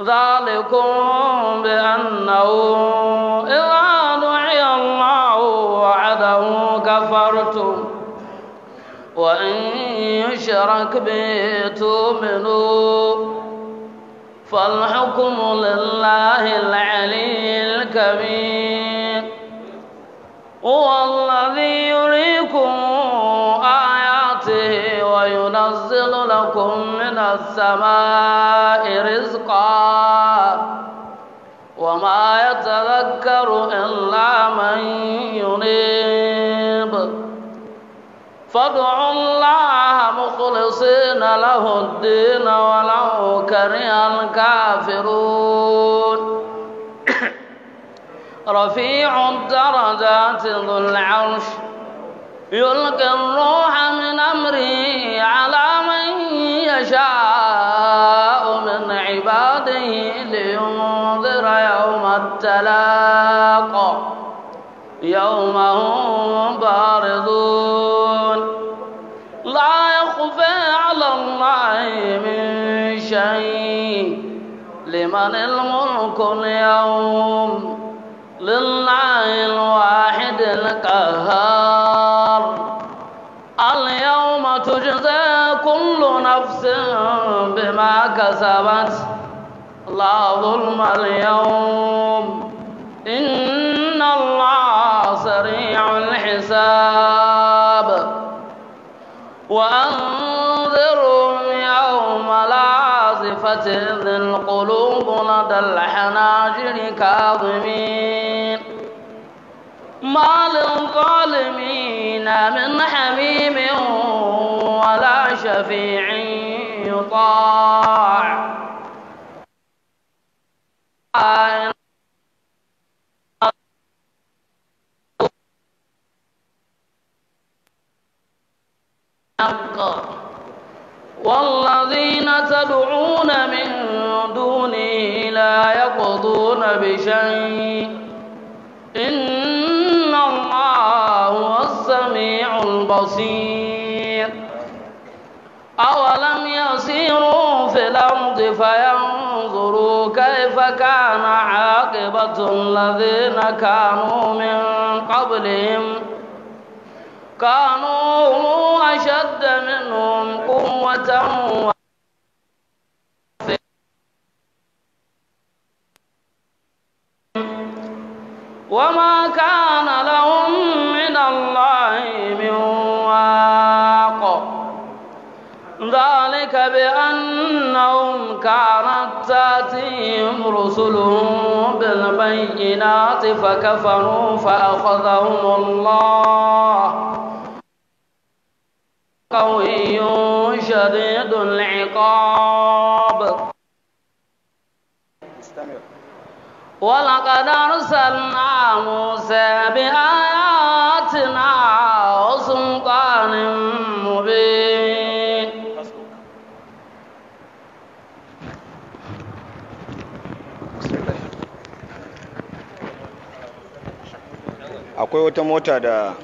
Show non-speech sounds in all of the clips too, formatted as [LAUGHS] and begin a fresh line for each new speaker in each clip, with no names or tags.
ذلكم بأنه إذا دعي الله وعده كفرتم وإن يشرك به تؤمنوا فالحكم لله العلي الكبير هو السماء رزقا وما يتذكر إلا من ينيب فادعوا الله مخلصين له الدين ولو كره الكافرون [COUGHS] رفيع الدرجات ذو العرش يلقي الروح من أمره على تلاقى يوم هم بارضون لا يخفى على الله من شيء لمن الملك اليوم لله الواحد القهار اليوم تجزى كل نفس بما كسبت لا ظلم اليوم إن الله سريع الحساب وأنذرهم يوم العازفة إذ القلوب لدى الحناجر كاظمين ما للظالمين من حميم ولا شفيع يطاب والذين تدعون من دونه لا يقضون بشيء إن الله هو السميع البصير أولم يسيروا في الأرض فينظروا كيف كان عاقبة الذين كانوا من قبلهم كانوا أشد منهم قوة وما كان لهم من الله من واق ذلك بأنهم كانت تأتيهم رسلهم بالبينات فكفروا فأخذهم الله قوي شديد العقاب استمر ولقد أرسلنا موسى بآياتنا وسلطان مبين
akwai wata mota da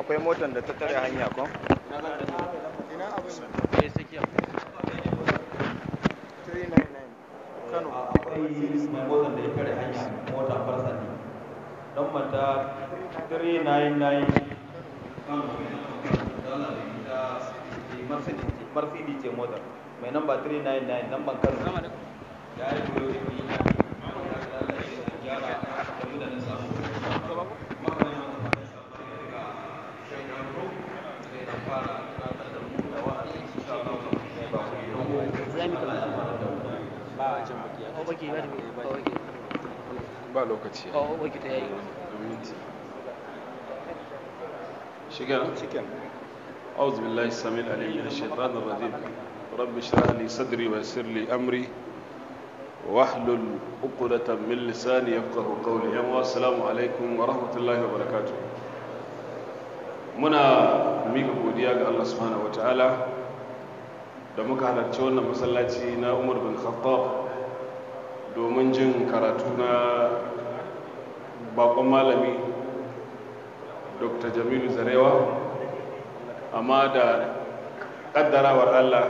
akwai motar da ta tare hanya ko don mata 399 Mercedes ce motar mai namba 399 namban Kano ya yi koyo da ya gyara wahal ukuleta mil lisani ya kuka hukau da yamma asalamu alaikum wa rahmatullahi wa barakatu muna mika godiya ga allasu hana wata'ala da muka halarci wannan masallaci na umar bin khattab domin jin karatu na bakon malami dr jamilu zarewa
amma da kaddarawar allah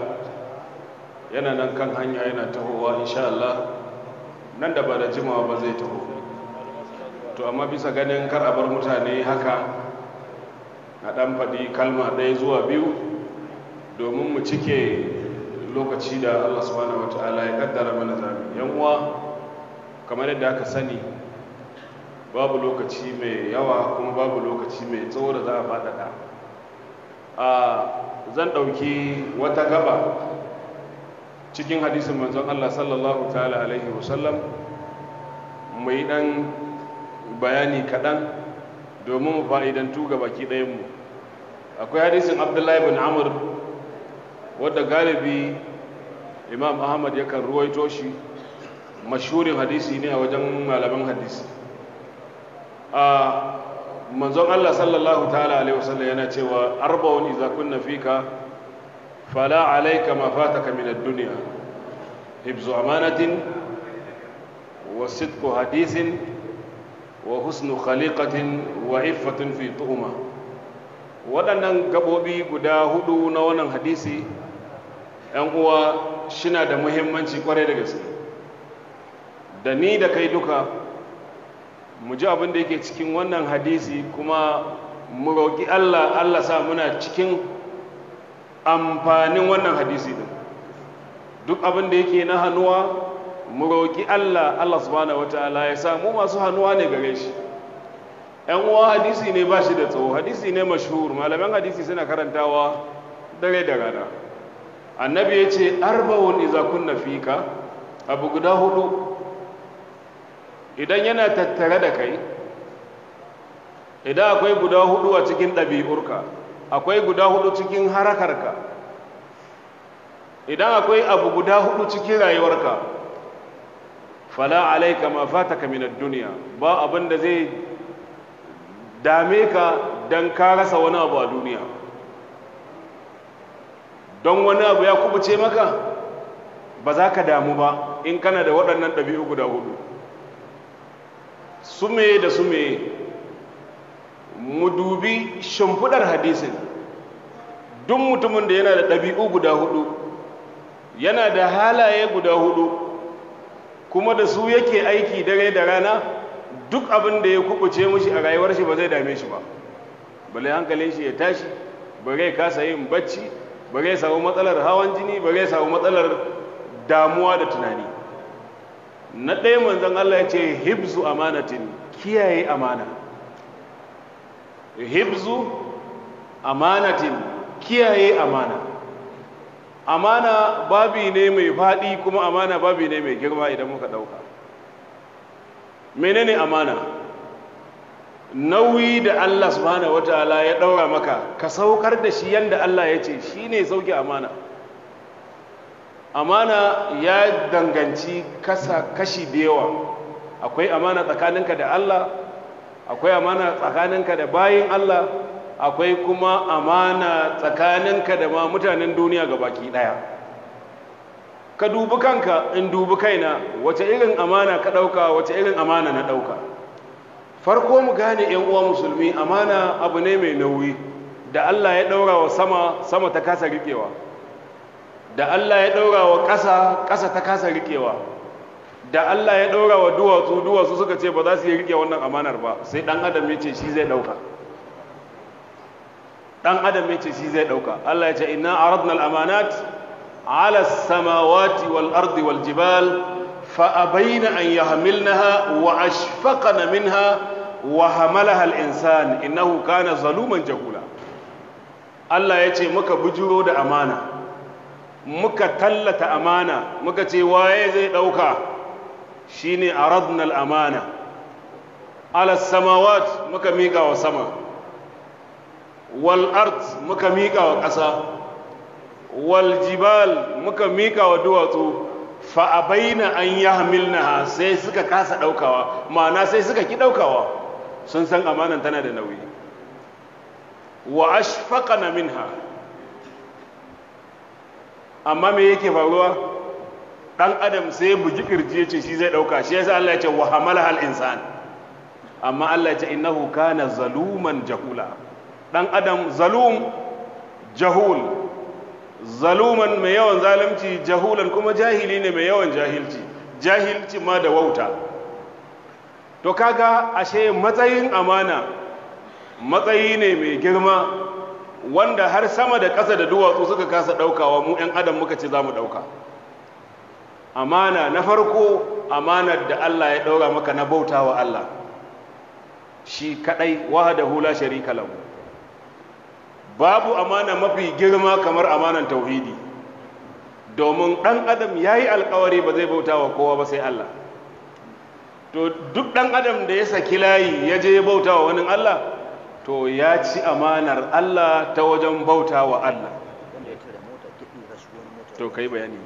yana nan kan hanya yana tahowa insha Allah nan da ba da jimawa ba zai taho to amma bisa ganin kar a bar mutane haka na dan faɗi kalma ɗaya zuwa biyu domin mu cike lokaci da Allah subhanahu wataala ya kaddara mana zami, yan uwa kamar yadda aka sani babu lokaci mai yawa kuma babu lokaci mai tsawo da za a faɗaɗa a zan ɗauki wata gaba cikin hadisin manzon Allah sallallahu ta'ala alaihi wasallam mai ɗan bayani kaɗan domin fa'idantu ga baki ɗayanmu akwai hadisin abdullahi bin amur wadda galibi imam ahmad yakan ruwaito shi mashhurin hadisi ne a wajen malaman hadisi a manzon Allah sallallahu ta'ala alaihi wasallam yana cewa arba'un idza kunna fika fala alayka ma fataka min ad-dunya hibzu amanatin wa sidqu hadisin, wa husnu khaliqatin wa iffatin fi waɗannan gabobi guda hudu na wannan hadisi 'yan uwa shina da muhimmanci kwarai da gaske da ni da kai duka mu ji abin da yake cikin wannan hadisi kuma mu roƙi allah allah sa muna cikin amfanin wannan hadisi din duk abin da yake na hannuwa mu roƙi allah allah subhanahu ala ya sa masu hannuwa ne gare shi yan uwa hadisi ne ba shi da tsoho hadisi ne mashhur malaman hadisi suna karantawa dare da rana annabi ya ce arba'un iza kunna fika abu guda hudu idan yana tattare da kai idan akwai guda hudu a cikin ɗabi'urka akwai guda hudu cikin harakarka idan akwai abu guda hudu cikin rayuwarka fala alaika ma fataka min duniya ba abin da zai dame ka don ka rasa wani abu a duniya don wani abu ya kubuce maka ba za ka damu ba in kana da waɗannan ɗabi'u guda hudu sume da sume mu dubi shimfiɗar hadisin duk mutumin da yana da ɗabi'u guda hudu yana da halaye guda hudu kuma da su yake aiki dare da rana duk abin da ya kubuce mushi a rayuwar shi ba zai dame shi ba bale hankalin shi ya tashi rai kasa yin bacci ba zai samu matsalar hawan jini ba zai samu matsalar damuwa da tunani na ɗaya manzon Allah ya ce hibzu amanatin kiyaye amana hibzu amanatin kiyaye amana amana babi ne mai faɗi kuma amana babi ne mai girma idan muka ɗauka menene amana nauyi da Allah subhanahu wataala ya daura maka ka saukar da shi yanda Allah ya ce shine sauki amana amana ya danganci kasa kashi da yawa akwai amana tsakaninka da Allah akwai amana tsakaninka da bayin Allah akwai kuma amana tsakaninka da ma mutanen duniya ga baki daya ka dubi kanka in dubi kaina wace irin amana ka dauka wace irin amana na dauka farko mu gane yan uwa musulmi amana abu ne mai nauyi da Allah ya daura wa sama sama ta kasa rikewa da Allah ya daura wa ƙasa ƙasa ta kasa rikewa da Allah ya daura wa duwatsu duwatsu suka ce ba za su yi rike wannan amanar ba sai dan adam ya ce shi zai dauka dan adam ya ce shi zai dauka Allah ya ce inna aradna al-amanat ala samawati wal ardi wal jibal فأبين أن يحملنها وأشفقن منها وحملها الإنسان إنه كان ظلوما جهولا الله يتي مكا بجرو دا أمانة مكا تلة أمانة مكا تي وايزي دوكا شيني أردنا الأمانة على السماوات مكا ميقا وسما والأرض مكا ميقا وقسا والجبال مكا ميقا ودواتو fa abaina an yahmilnaha sai suka kasa daukawa ma'ana sai suka ki daukawa sun san amanan tana da nauyi wa ashfaqana minha amma me yake faruwa Ɗan adam sai buji kirji yace shi zai dauka shi yasa Allah ya ce wa hamala hal insan amma Allah ya ce innahu kana zaluman jahula Ɗan adam zalum jahul zaluman mai yawan zalunci jahulan kuma jahili ne mai yawan jahilci jahilci ma da wauta to kaga ashe matsayin amana matsayi ne mai girma wanda har sama da ƙasa da duwatsu suka kasa ɗaukawa mu 'yan adam muka ce za mu ɗauka amana na farko amanar da Allah ya ɗaura maka na bauta wa Allah shi kaɗai wahada hula sharika lahu babu amana mafi girma kamar amanan tauhidi domin ɗan adam ya yi alkawari ba zai bauta wa kowa ba sai Allah to duk ɗan adam da ya saki layi ya je ya bauta wa wani Allah to ya ci amanar Allah ta wajen bauta wa Allah to kai bayani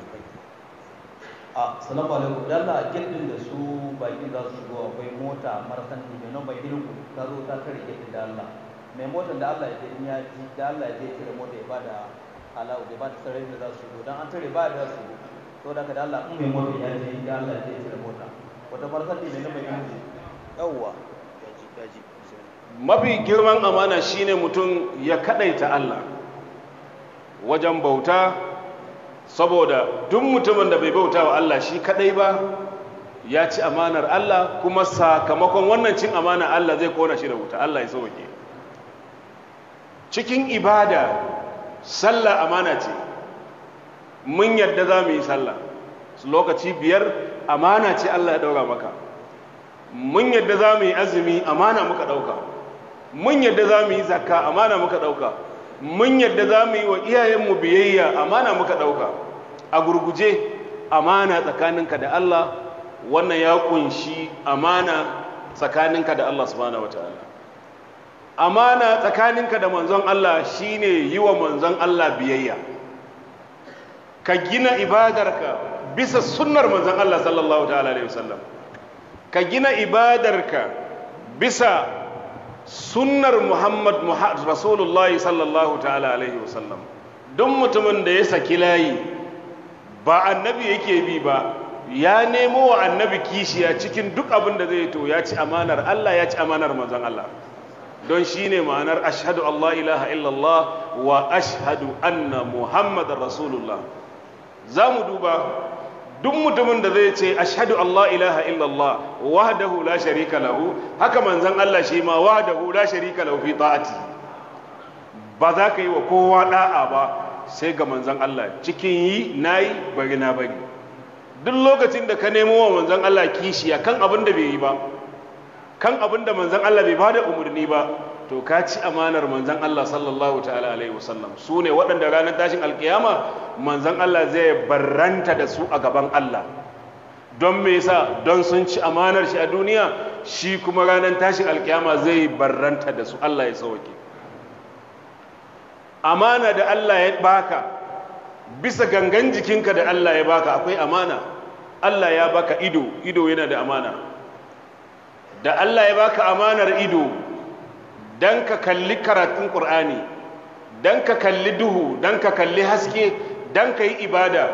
a salamu alaikum dalla
gildin da su baki za su zo akwai mota marasan da nan bakin ku ta zo ta kare da Allah mai motar da Allah ya je in ya ji da Allah ya je cire mota ya bada da ya bada sarari da za su shigo dan an tare ba da su to da kada Allah in mai motar ya je da Allah ya je cire mota wata farkar ne na mai inji yawwa mafi girman amana shine mutum ya kadaita Allah wajen bauta saboda duk mutumin da bai bauta wa Allah shi kadai ba ya ci amanar Allah kuma sakamakon wannan cin amana Allah zai kona shi da wuta Allah ya sauke cikin ibada sallah amana ce mun yadda za mu yi sallah lokaci biyar amana ce Allah ya daura maka mun yadda za mu yi azumi amana muka dauka mun yadda za mu yi zakka amana muka dauka mun yadda za mu yi wa iyayenmu biyayya amana muka dauka a gurguje amana tsakaninka da Allah wannan ya kunshi amana tsakaninka da Allah subhanahu wataala amana tsakaninka da manzon Allah shine yi wa manzon Allah biyayya ka gina ibadarka bisa sunnar manzon Allah sallallahu ta'ala alaihi wasallam ka gina ibadarka bisa sunnar Muhammad Rasulullah sallallahu ta'ala alaihi wasallam don mutumin da ya saki layi ba annabi yake bi ba ya nemo wa annabi kishiya cikin duk abin da zai to ya ci amanar Allah ya ci amanar manzon Allah don shine ma'anar ashadu Allah ilaha illallah wa ashadu anna muhammadar rasulullah za mu duba duk mutumin da zai ce ashhadu Allah ilaha illallah wahdahu la sharika lahu haka manzan Allah shi ma wahdahu la sharika lahu fi ta'ati ba za ka yi wa kowa da'a ba sai ga manzan Allah cikin yi nayi bari na bari duk lokacin da ka nemo wa manzon Allah kishiya kan abin da bai yi ba kan abin da manzan Allah bai bada umarni ba to ka ci amanar manzan Allah sallallahu ta'ala alaihi wasallam su ne waɗanda ranar tashin alkiyama manzan Allah zai baranta da su a gaban Allah don me yasa don sun ci amanar shi a duniya shi kuma ranar tashin alkiyama zai baranta da su Allah ya sauke amana da Allah ya baka bisa gangan jikinka da Allah ya baka akwai amana Allah ya baka ido ido yana da amana da Allah ya baka amanar ido dan ka kalli karatun Qur'ani dan ka kalli duhu dan ka kalli haske dan ka yi ibada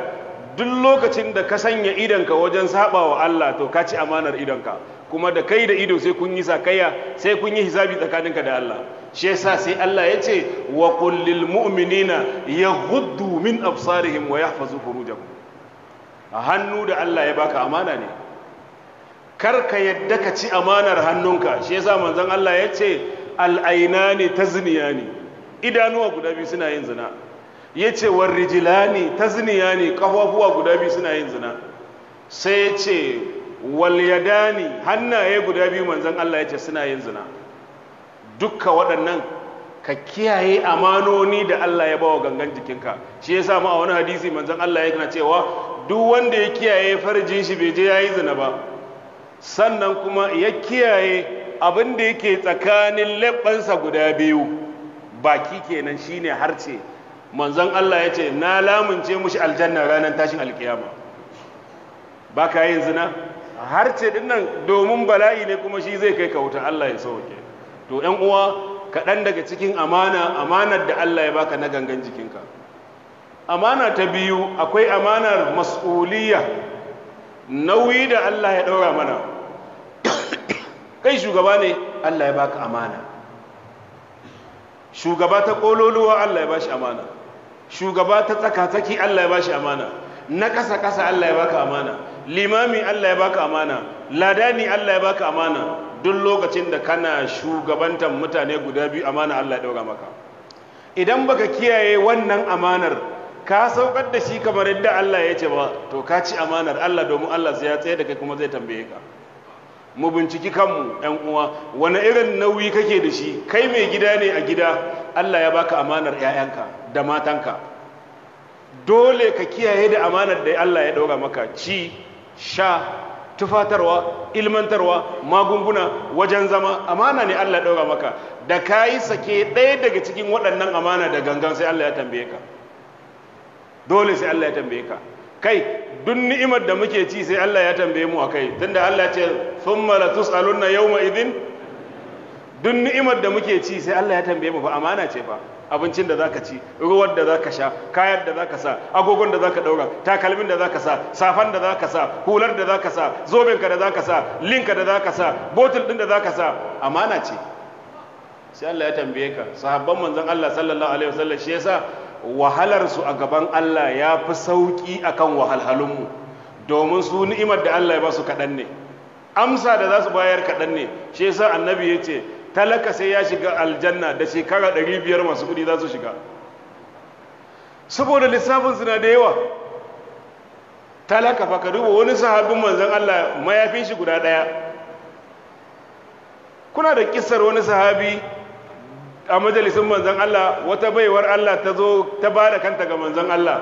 duk lokacin da ka sanya idonka wajen saba wa Allah to ka ci amanar idonka kuma da kai da ido sai kun yi sakayya sai kun yi hisabi tsakaninka da Allah shi yasa sai Allah ya ce wa qul lil mu'minina yaghuddu min absarihim wa yahfazu furujahum hannu da Allah ya baka amana ne kar ka yadda ka ci amanar hannunka shi yasa manzon Allah ya ce al'aina ne al'ainani ne idanuwa guda biyu suna yin zina ya ce warrijilani ne kafafuwa guda biyu suna yin zina sai ya ce ne hannaye guda biyu manzon Allah ya ce suna yin zina dukka waɗannan ka kiyaye amanoni da Allah ya bawa gangan jikinka shi yasa ma a wani hadisi manzon Allah ya yana cewa duk wanda ya kiyaye farjin shi bai je yayi zina ba sannan kuma ya kiyaye abin da yake tsakanin leɓɓansa guda biyu baki kenan shine harce manzon Allah ya ce na lamunce mushi aljanna ranar tashin alkiyama ba ka yin zina harce ɗin nan domin bala'i ne kuma shi zai kai ka wuta Allah ya sauke to yan uwa kaɗan daga cikin amana amanar da Allah ya baka na gangan jikinka amana ta biyu akwai amanar mas'uliyya nauyi da Allah ya ɗaura mana kai shugaba ne Allah ya baka amana shugaba ta kololuwa Allah ya bashi amana shugaba ta tsaka-tsaki Allah ya bashi amana na ƙasa-ƙasa Allah ya baka amana limami Allah ya baka amana ladani Allah ya baka amana duk lokacin da kana shugabantar mutane guda biyu amana Allah ya ɗaura maka idan baka kiyaye wannan amanar ka saukar da shi kamar yadda Allah ya ce ba to ka ci amanar Allah domin Allah ya tsaye da kai kuma zai tambaye ka mu binciki kanmu yan uwa wani irin nauyi kake da shi kai mai gida ne a gida Allah ya baka amanar 'ya'yanka da matanka dole ka kiyaye da amanar da Allah ya ɗaura maka ci sha tufatarwa ilmantarwa magunguna wajen zama amana ne Allah ya ɗaura maka da ka yi sake ɗaya daga cikin waɗannan amana da gangan sai Allah ya tambaye ka dole sai Allah ya tambaye ka kai duk ni'imar da muke ci sai Allah ya tambaye mu akai tunda Allah ya ce thumma la tusaluna yawma idhin duk ni'imar da muke ci sai Allah ya tambaye mu fa amana ce fa abincin da zaka ci ruwan da zaka sha kayan da zaka sa agogon da zaka daura takalmin da zaka sa safan da zaka sa hular da zaka sa ka da zaka sa linka da zaka sa botul din da zaka sa amana ce sai Allah ya tambaye ka sahabban manzon Allah sallallahu alaihi wasallam shi yasa wahalarsu a gaban Allah ya fi sauƙi a kan wahalhalunmu domin su ni'imar da Allah ya ba su kaɗan ne amsa da za su bayar kaɗan ne shi yasa annabi ya ce talaka sai ya shiga aljanna da shekara ɗari biyar masu kuɗi za su shiga saboda lissafin suna da yawa talaka fa ka duba wani sahabin manzon Allah mayafin shi guda ɗaya kuna da kisar wani sahabi a majalisin manzon Allah wata baiwar Allah ta zo ta ba da kanta ga manzon Allah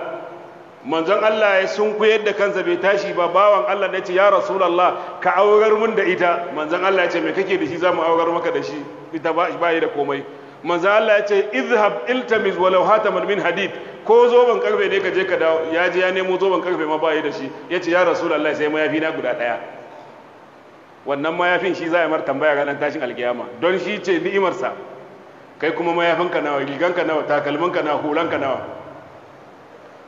manzon Allah ya koyar da kansa bai tashi ba bawan Allah ya ce ya rasulallah ka aurar mun da ita manzon Allah ya ce me kake da shi za mu aurar maka da shi ita ba ba da komai manzon Allah ya ce izhab iltamiz walau hataman min hadid ko zoban karfe ne ka je ka dawo ya je ya nemo zoban karfe ma ba da shi ya ce ya rasulallah sai mayafi na guda daya wannan mayafin shi za a mar tambaya ranar tashin alkiyama don shi ce ni'imarsa kai kuma mayafinka nawa riganka nawa takalminka nawa hulanka nawa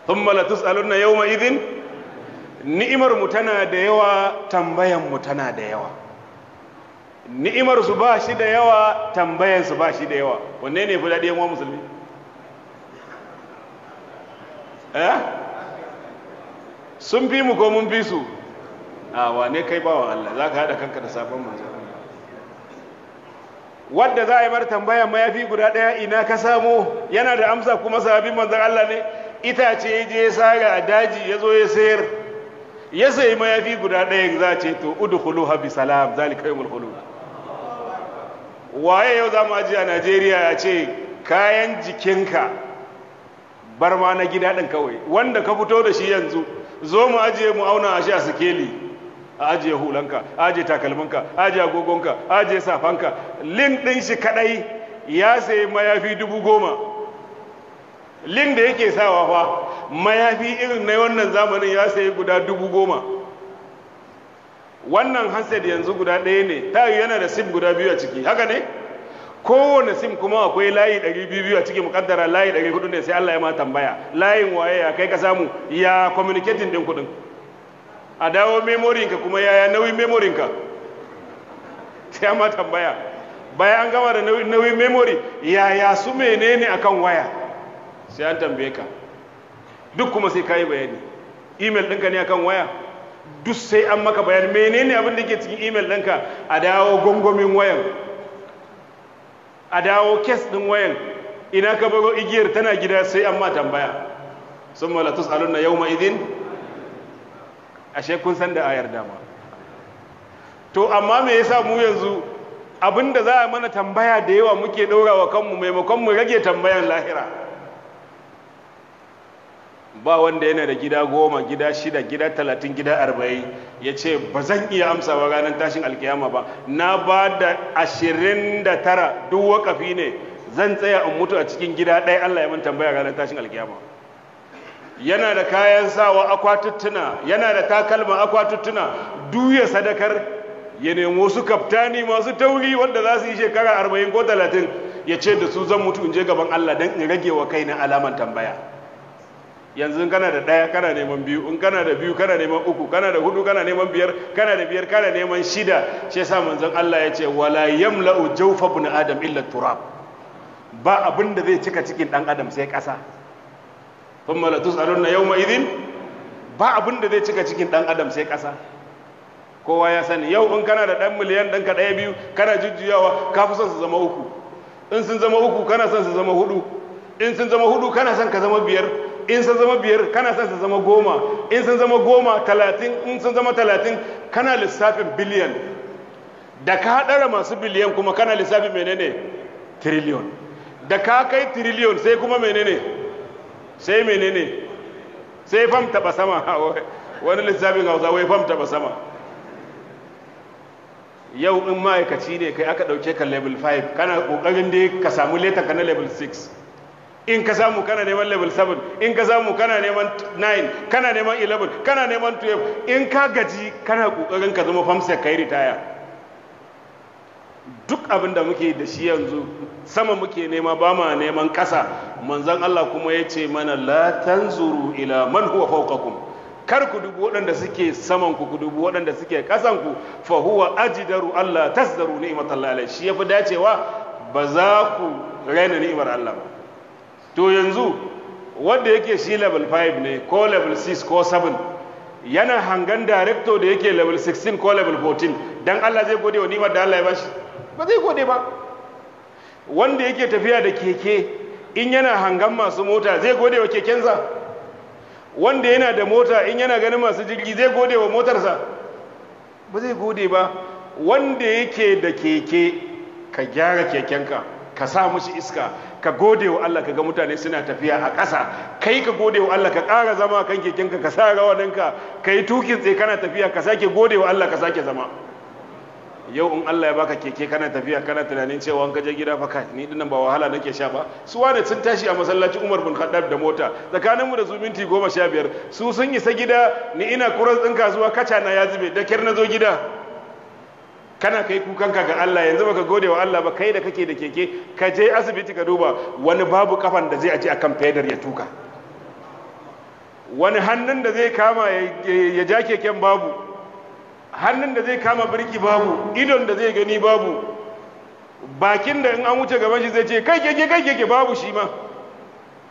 thumma la tus'alunna yawma idhin ni'imar mu tana da yawa tambayan mu tana da yawa ni'imar su ba shi da yawa tambayan su ba shi da yawa wanne ne fi daɗi yan musulmi eh sun fi mu ko mun fi su a wane kai bawan Allah za ka haɗa kanka da sabon manzo wadda za a yi mar tambaya mayafi guda ɗaya ina ka samo yana da amsa kuma sahabin manzan Allah ne itace ya je saga a daji ya zo ya sayar ya sayi mayafi guda ɗaya za a ce to hulu habi salam kai mul hulu waye yau za mu ajiye a Najeriya ya ce kayan jikinka bar ma na gida ɗin kawai wanda ka fito da shi yanzu zo mu ajiye mu auna a shi a sikeli a ajiye hulanka a ajiye takalminka a ajiye agogonka a ajiye safanka link ɗin shi kaɗai ya sayi mayafi dubu goma link da yake sawa fa mayafi irin na wannan zamanin ya sayi guda dubu goma wannan handset yanzu guda ɗaya ne ta yana da sim guda biyu a ciki haka ne kowane sim kuma akwai layi 200 a cikin mukaddara layi 400 ne sai Allah ya ma tambaya layin waye ya kai ka samu ya communicating din kudin a dawo memorinka kuma yaya nauyin memorinka sai ma tambaya bayan an gama da nauyin memori yaya su menene akan waya sai an tambaye ka duk kuma sai kayi bayani email ɗinka ne akan waya duk sai an maka bayani menene abin da ke cikin email ɗinka a dawo gongomin wayan a dawo kes ɗin wayan ina ka bago igiyar tana gida sai an ma tambaya sun malatus alunna yau ma idin ashe kun san da ayar dama to amma me yasa mu yanzu abinda za a mana tambaya da yawa muke wa kanmu maimakon mu rage tambayan lahira ba wanda yana da gida goma gida shida gida talatin gida arba'in ya ce ba zan iya amsa ba ranar tashin alkiyama ba na ba da ashirin da tara duk wakafi ne zan tsaya in mutu a cikin gida ɗaya allah ya man tambaya ranar tashin alkiyama yana da kayan sawa akwatuttuna yana da takalma akwatuttuna duk ya sadakar ya nemo su kaftani masu tauri wanda za su yi shekara arba'in ko talatin ya ce da su zan mutu in je gaban Allah don in rage wa kai na alaman tambaya yanzu kana da ɗaya kana neman biyu in kana da biyu kana neman uku kana da hudu kana neman biyar kana da biyar kana neman shida shi yasa manzon Allah ya ce wala yamla'u jawfa na adam illa turab ba abin da zai cika cikin dan adam sai kasa. kuma la a na yau ma'izin ba abin da zai cika cikin ɗan adam sai ƙasa kowa ya sani yau in kana da ɗan miliyan ka ɗaya biyu kana jujjuyawa ka fi son su zama uku in sun zama uku kana son su zama hudu in sun zama hudu kana son ka zama biyar in sun zama biyar kana son su zama goma in sun zama goma talatin in sun zama talatin kana lissafin biliyan da ka haɗara masu biliyan kuma kana lissafin menene tiriliyon da ka kai tiriliyon sai kuma menene sai menene sai fam taba sama [LAUGHS] wani lissafin hausa wai fam taba sama yau in ma'aikaci ne kai aka dauke ka level 5 kana kokarin dai ka samu letan ka na level 6 in ka samu kana neman level 7 in ka samu kana neman 9 kana neman 11 kana neman 12 in ka gaji kana kokarin ka zama famsa kai ritaya duk abin da muke da shi yanzu sama muke nema ba ma neman kasa manzan Allah kuma ya ce mana la tanzuru ila man huwa fawqakum kar ku dubu waɗanda suke saman ku ku dubu waɗanda suke ƙasan ku fa huwa ajdaru Allah tasdaru Allah alai shi yafi dacewa ba za ku raina ni'imar Allah ba to yanzu wanda yake shi level 5 ne ko level 6 ko 7 yana hangan director da yake level 16 ko level 14 dan Allah zai gode wa ni'imar da Allah ya bashi ba zai gode ba wanda yake tafiya da keke in yana hangan masu mota zai gode wa kekensa wanda yana da mota in yana ganin masu jirgi zai gode wa motarsa ba zai gode ba wanda yake da keke ka gyara kekenka ka sa mushi iska ka gode wa Allah ka ga mutane suna tafiya a ƙasa kai ka gode wa Allah ka ƙara zama kan kekenka ka sa rawaninka ka yi tukin tsaye kana tafiya ka sake gode wa Allah ka sake zama yau in Allah ya baka keke kana tafiya kana tunanin cewa an kaje gida fa kai ni dinnan ba wahala nake sha ba su wane sun tashi a masallaci Umar bin Khaddab da mota tsakanin mu da su minti goma sha biyar su sun isa gida ni ina kuras din kasuwa kaca na ya zube da kyar na zo gida kana kai kukanka ga Allah yanzu baka gode wa Allah ba kai da kake da keke ka je asibiti ka duba wani babu kafan da zai aje akan fedar ya tuka wani hannun da zai kama ya ja keken babu hannun da zai kama birki babu idon da zai gani babu bakin da in an wuce gaban shi zai ce kai keke kai keke babu shi ma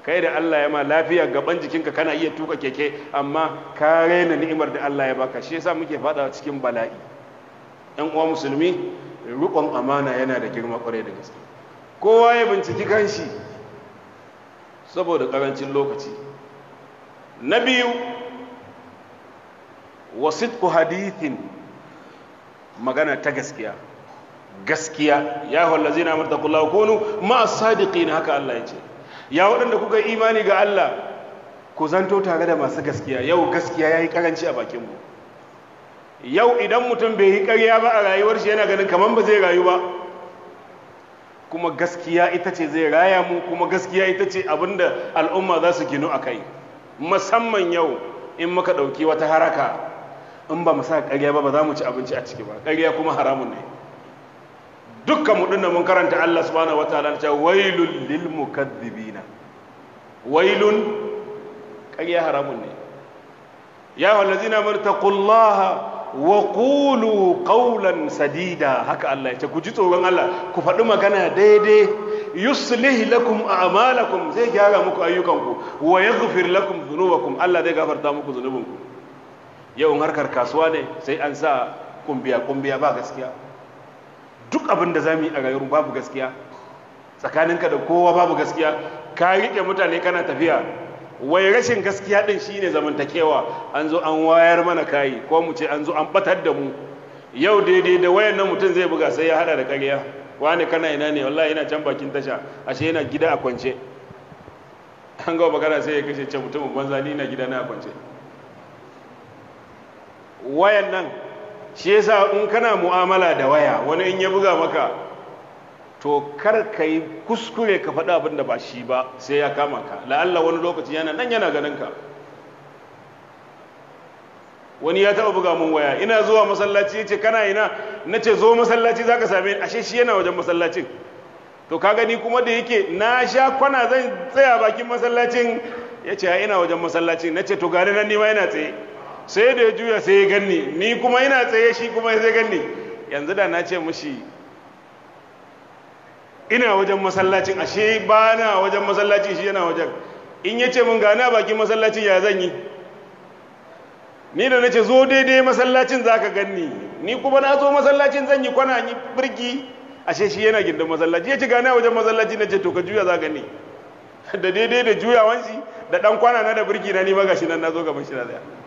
kai da Allah ya ma lafiya gaban jikinka kana iya tuka keke amma ka raina ni'imar da Allah ya baka shi yasa muke fada cikin bala'i ɗan uwa musulmi rukon amana yana da girma kwarai da gaske kowa ya binciki kanshi saboda karancin lokaci na biyu wasitku hadithin magana ta gaskiya gaskiya ya wallazi na marta kullawa kunu ma sadiƙi na haka Allah ya ce ya waɗanda kuka yi imani ga Allah ku zanto tare da masu gaskiya yau gaskiya ya yi karanci a bakinmu yau idan mutum bai yi karya ba a rayuwar shi yana ganin kamar ba zai rayu ba kuma gaskiya ita ce zai raya mu kuma gaskiya ita ce abinda al'umma za su ginu a kai musamman yau in muka ɗauki wata haraka in ba mu sa ƙarya ba ba za mu ci abinci a ciki ba ƙarya kuma haramun ne dukkan mu dinnan mun karanta Allah subhanahu wataala ta wailul lil mukaththibina wailun ƙarya haramun ne ya allazina murtaqullaha wa qulu qawlan sadida haka Allah ya ce ku ji tsoron Allah ku faɗi magana daidai yuslih lakum a'malakum zai gyara muku ayyukanku wa yaghfir lakum dhunubakum Allah zai gafarta muku zunubinku yau harkar kasuwa ne sai an sa kumbiya kumbiya ba gaskiya duk abin da zami yi a rayuwar babu gaskiya tsakaninka da kowa babu gaskiya ka rike mutane kana tafiya wai rashin gaskiya din shine zamantakewa an zo an wayar mana kayi ko mu ce an zo an batar da mu yau daidai da wayan nan mutum zai buga sai ya hada da ƙarya wani kana ina ne wallahi yana can bakin tasha ashe yana gida a kwance an gawa magana sai ya kashe ce mutumin banza ni na gida na a kwance wayan nan shi yasa in kana mu'amala da waya wani in ya buga maka to kar ka yi kuskure ka faɗi abin da ba shi ba sai ya kama ka la'alla wani lokaci yana nan yana ganin ka wani ya taɓa buga mun waya ina zuwa masallaci ce kana ina na ce zo masallaci za ka same ni ashe shi yana wajen masallacin to ka gani kuma da yake na sha kwana zan tsaya bakin masallacin ya ce ina wajen masallacin na ce to gani nan nima yana tsaye sai da ya juya sai ya ganni ni kuma ina tsaye shi kuma sai ganni yanzu da na ce mushi ina wajen masallacin ashe ba na wajen masallacin shi yana wajen in ya ce mun gana bakin masallacin ya zan yi ni da na ce zo daidai masallacin za ka ganni ni kuma na zo masallacin zan yi kwana yi birki ashe shi yana gindin masallaci ya ce gana wajen masallaci na ce to ka juya za ka ne, [LAUGHS] da daidai da juyawan shi da dan kwana na da birki na ni ma gashi nan na zo gaban shi na zai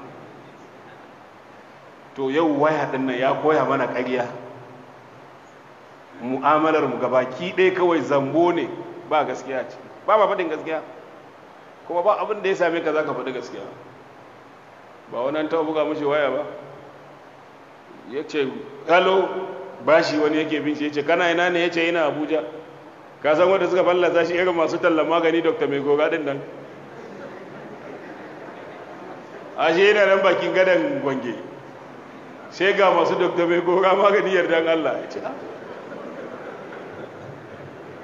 to yau waya din nan ya koya mana ƙarya mu'amalar mu gabaki ɗaya kawai zambo ne ba gaskiya ce ba ba faɗin gaskiya kuma ba abin da ya same ka zaka faɗi gaskiya ba wani an taɓa buga mashi waya ba ya ce halo bashi wani yake bin shi ya ce kana ina ne ya ce ina abuja ka san wanda suka fallasa shi irin masu tallan magani dokta mai goga din nan ashe yana nan bakin gadon gwange sai ga masu dokta mai gora magani yardan Allah ya ce ah.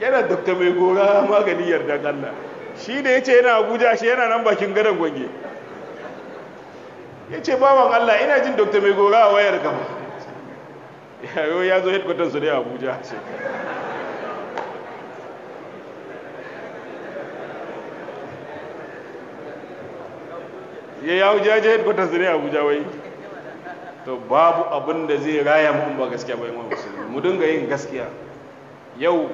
yana dokta mai gora magani yardan Allah shi da ya ce yana abuja shi yana nan bakin gadon gwange ya ce bawan Allah ina jin dokta mai gora a wayar kama yaro ya zo headquarters su ne abuja ya yawo jaje headquarters su ne abuja wai to babu abin da zai raya mu ba gaskiya ba imam musulmi mu dinga yin gaskiya yau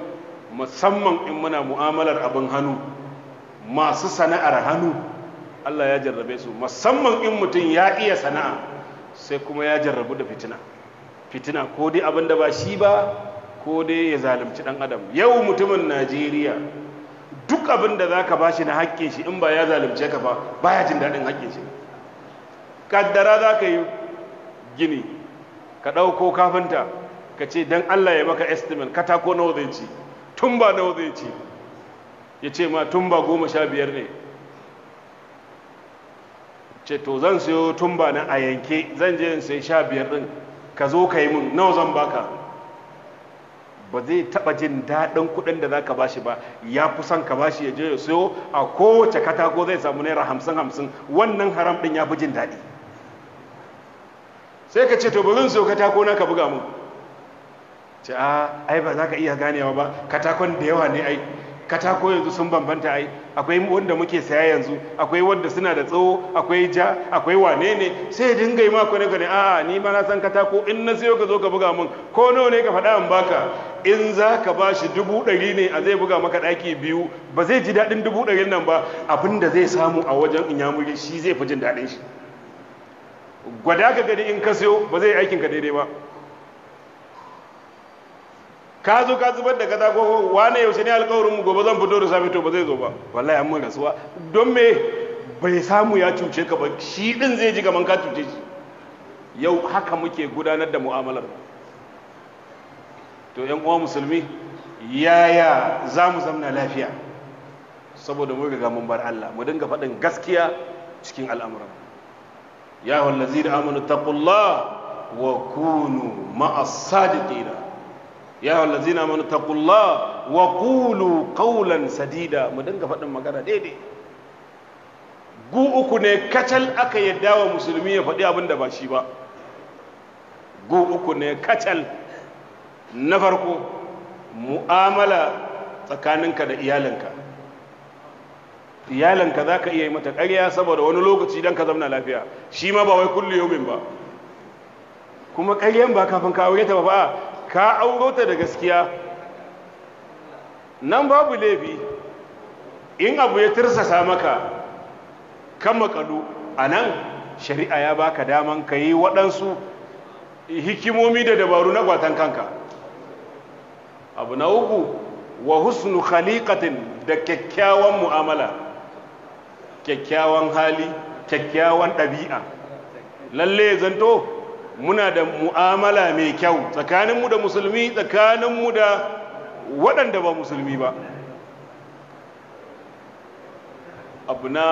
musamman in muna mu'amalar abin hannu masu sana'ar hannu Allah ya jarrabe su musamman in mutum ya iya sana'a sai kuma ya jarrabu da fitina fitina ko dai abin da ba shi ba ko dai ya zalunci dan adam yau mutumin Najeriya duk abin da zaka bashi na haƙƙin shi in ba ya zalunce ka ba baya jin daɗin haƙƙin shi kaddara za ka yi gini ka ɗauko kafinta ka ce don allah ya maka estimate katako nawa zai ci tun ba nawa zai ci ya ce ma tun goma sha biyar ne ce to zan sayo tun ba na a yanke zan je in sayi sha biyar ɗin ka zo ka yi min nawa zan baka ba zai taɓa jin daɗin kuɗin da za ka bashi ba ya fi son ka bashi ya je ya sayo a kowace katako zai samu naira hamsin hamsin wannan haram ɗin ya fi jin daɗi sai ka ce to bari so ka na ka buga mu ce a ai ba za ka iya ganewa ba katakon da yawa ne ai katako yanzu sun bambanta ai akwai wanda muke saya yanzu akwai wanda suna da tsawo akwai ja akwai wane ne sai dinga yi mako ne gane a ni ma na san katako in na sayo ka zo ka buga min ko nawa ne ka faɗa an baka in za ka ba shi dubu ɗari ne a zai buga maka ɗaki biyu ba zai ji daɗin dubu ɗarin nan ba abin da zai samu a wajen inyamuri shi zai fi jin daɗin shi gwada ka gani in ka siyo ba zai aikin ka daidai ba ka zo ka zubar da kaza ko wane yaushe ne alkawarin mu gobe zan fito da safe to ba zai zo ba wallahi an mun rasuwa don me bai samu ya cuce ka ba shi din zai ji kaman ka cuce shi yau haka muke gudanar da mu'amalar to yan uwa musulmi yaya za mu zamna lafiya saboda mun riga mun bar Allah mu dinga faɗin gaskiya cikin al'amuran ya wallazi da amanu taqullah wa kunu ma'as sadiqina ya wallazi na amanu taqullah wa qulu qawlan sadida mu dinga faɗin magana daidai gu uku ne kacal aka yadda wa musulmi ya faɗi abin da ba shi ba gu uku ne kacal na farko mu'amala tsakaninka da iyalinka iyalanka za ka iya yi mata ƙarya saboda wani lokaci don ka zamna lafiya shi ma ba wai kullu yomin ba kuma ƙaryan ba kafin ka aure ta ba ka auro ta da gaskiya nan babu laifi in abu ya tirsasa maka kan makalu a nan shari'a ya baka daman ka yi waɗansu hikimomi da dabaru na gwatan kanka abu na uku wa husnu khaliqatin da kyakkyawan mu'amala kyakkyawan hali kyakkyawan ɗabi'a lalle zanto muna da mu'amala mai kyau tsakaninmu da musulmi tsakaninmu da waɗanda ba musulmi ba abu na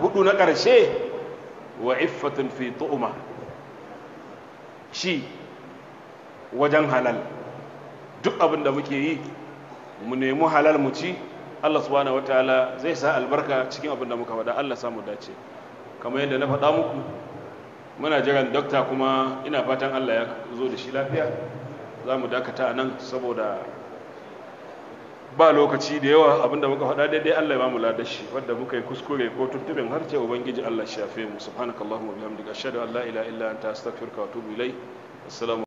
hudu na ƙarshe wa iffatin fi tu'uma shi wajen halal duk abin da muke yi mu nemi halal mu ci Allah subhanahu wataala zai sa albarka cikin abin da muka faɗa Allah samu dace kamar yadda na faɗa muku muna jiran dokta kuma ina fatan Allah ya zo da shi lafiya za mu dakata a nan saboda ba lokaci da yawa abin da muka faɗa daidai Allah ya bamu ladar shi wanda muka yi kuskure ko tuntuɓin ce ubangiji Allah shafe mu subhanakallahumma bihamdika ashhadu an la ilaha illa anta astaghfiruka wa atubu ilayk assalamu